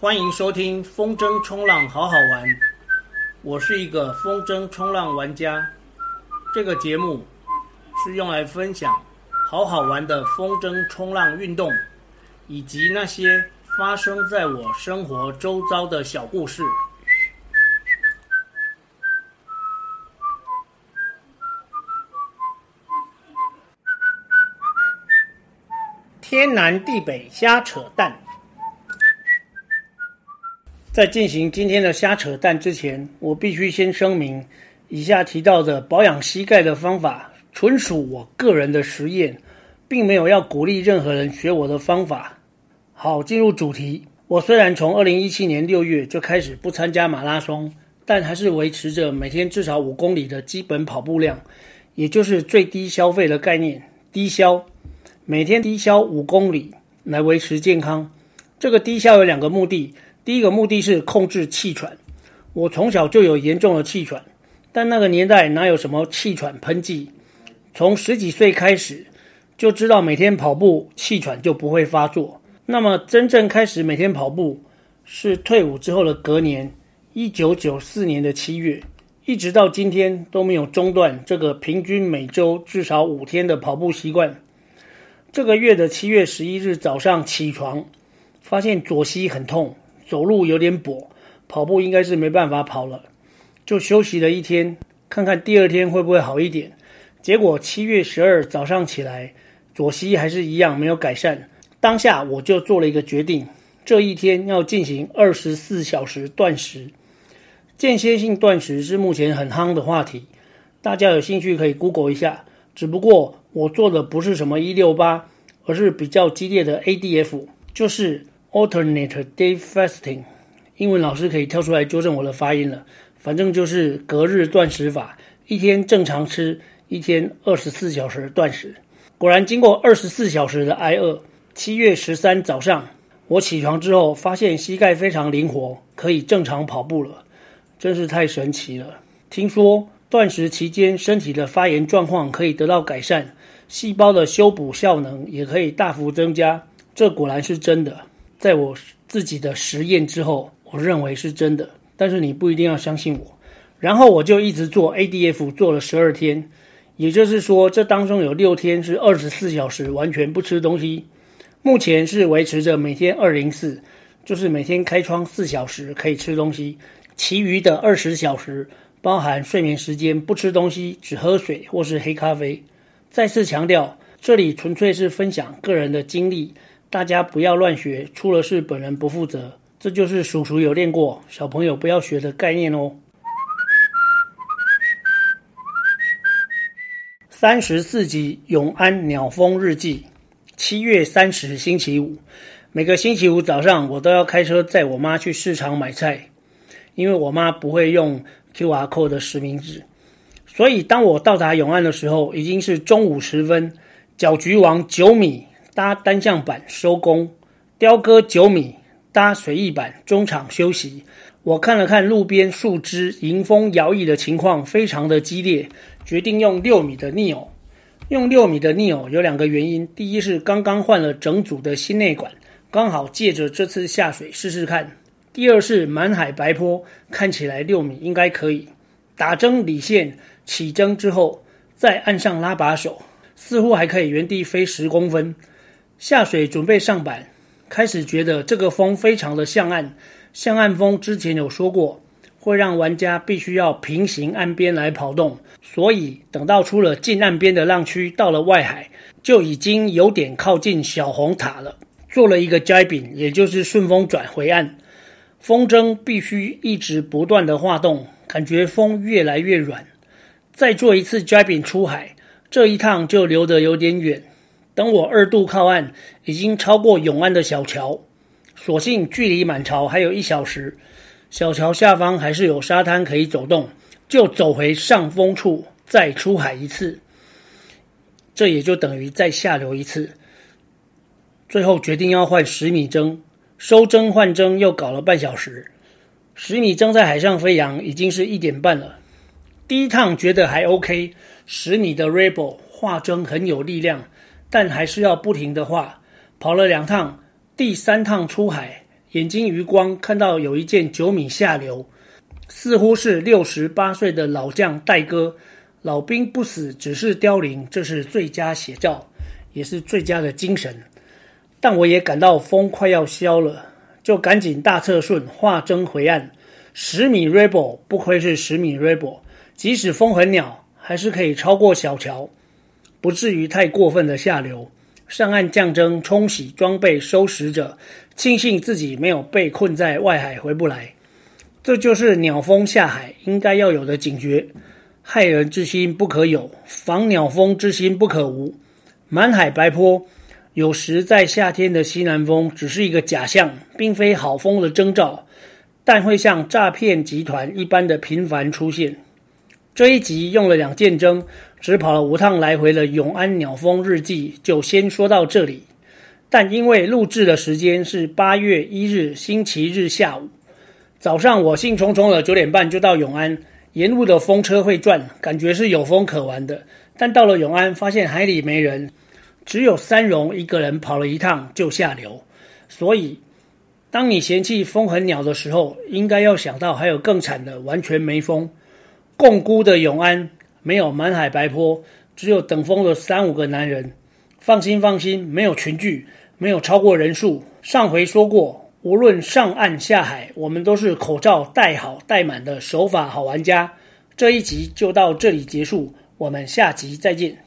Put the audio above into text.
歡迎收聽風箏衝浪，好好玩。我是一個風箏衝浪玩家。這個節目是用來分享好好玩的風箏衝浪運動，以及那些發生在我生活周遭的小故事。天南地北瞎扯淡。在進行今天的瞎扯淡之前，我必須先聲明，以下提到的保養膝蓋的方法純屬我個人的實驗，並沒有要鼓勵任何人學我的方法。好，進入主題。我雖然從二零一七年六月就開始不參加馬拉松，但還是維持着每天至少五公里的基本跑步量，也就是最低消費的概念——低消，每天低消五公里來維持健康。這個低消有兩個目的。第一個目的是控制氣喘。我從小就有嚴重的氣喘，但那個年代哪有什麼氣喘噴劑？從十幾歲開始就知道，每天跑步氣喘就不會發作。那麼真正開始每天跑步是退伍之後的隔年，一九九四年的七月，一直到今天都沒有中斷這個平均每週至少五天的跑步習慣。這個月的七月十一日早上起床，發現左膝很痛。走路有點跛，跑步應該是沒辦法跑了，就休息了一天，看看第二天會不會好一點。結果七月十二早上起來，左膝還是一樣沒有改善。當下我就做了一個決定，這一天要進行二十四小時斷食。間歇性斷食是目前很夯的話題，大家有興趣可以 Google 一下。只不過我做的不是什麼一六八，而是比較激烈的 ADF，就是。Alternate day fasting，英文老師可以跳出來糾正我的發音了。反正就是隔日斷食法，一天正常吃，一天二十四小時斷食。果然，經過二十四小時的挨餓，七月十三早上我起床之後，發現膝蓋非常靈活，可以正常跑步了，真是太神奇了。聽說斷食期間身體的發炎狀況可以得到改善，細胞的修補效能也可以大幅增加，這果然是真的。在我自己的實驗之後，我認為是真的，但是你不一定要相信我。然後我就一直做 ADF，做了十二天，也就是說，這當中有六天是二十四小時完全不吃東西。目前是維持着每天二零四，就是每天開窗四小時可以吃東西，其餘的二十小時包含睡眠時間不吃東西，只喝水或是黑咖啡。再次強調，這裡純粹是分享個人的經歷。大家不要亂學，出了事本人不負責。這就是叔叔有練過，小朋友不要學的概念哦。三十四集《永安鳥風日記》，七月三十，星期五。每個星期五早上，我都要開車載我媽去市場買菜，因為我媽不會用 QR Code 的實名制，所以當我到達永安的時候，已經是中午時分。攪局王九米。搭單向板收工，雕哥九米，搭水翼板中場休息。我看了看路邊樹枝迎風搖曳的情況，非常的激烈，決定用六米的 Neo。用六米的 Neo 有兩個原因：第一是剛剛換了整組的新內管，剛好借着這次下水試試看；第二是滿海白波看起來六米應該可以。打箏理線起箏之後，在岸上拉把手，似乎還可以原地飛十公分。下水準備上板，開始覺得這個風非常的向岸，向岸風之前有說過，會讓玩家必須要平行岸邊來跑動。所以等到出了近岸邊的浪區，到了外海，就已經有點靠近小紅塔了。做了一個 jibing 也就是順風轉回岸，風箏必須一直不斷的劃動，感覺風越來越軟。再做一次 jibing 出海，這一趟就流得有點遠。等我二度靠岸，已經超過永安的小橋，所幸距離滿潮還有一小時，小橋下方還是有沙灘可以走動，就走回上風處再出海一次，這也就等於再下流一次。最後決定要換十米箏，收箏換箏又搞了半小時，十米箏在海上飛揚，已經是一點半了。第一趟覺得還 OK，十米的 Rebel 畫箏很有力量。但還是要不停的畫，跑了兩趟，第三趟出海，眼睛餘光看到有一件九米下流，似乎是六十八歲的老將戴哥，老兵不死只是凋零，這是最佳寫照，也是最佳的精神。但我也感到風快要消了，就趕緊大側順，畫箏回岸，十米 Rebel 不愧是十米 Rebel，即使風很鳥，還是可以超過小喬。不至於太過分的下流，上岸降箏，沖洗裝備，收拾著，慶幸自己沒有被困在外海回不來。這就是鳥風下海應該要有的警覺，害人之心不可有，防鳥風之心不可無。滿海白波，有時在夏天的西南風只是一個假象，並非好風的徵兆，但會像詐騙集團一般的頻繁出現。這一集用了兩件箏，只跑了五趟來回的永安鳥風日記就先說到這裡。但因為錄制的時間是八月一日星期日下午，早上我興沖沖的九點半就到永安，沿路的風車會轉，感覺是有風可玩的。但到了永安，發現海裡沒人，只有三榮一個人跑了一趟就下流。所以，當你嫌棄風很鳥的時候，應該要想到還有更慘的，完全沒風。共孤的永安沒有滿海白波，只有等風的三五個男人。放心放心，沒有群聚，沒有超過人數。上回說過，無論上岸下海，我們都是口罩戴好戴滿的守法好玩家。這一集就到這裡結束，我們下集再見。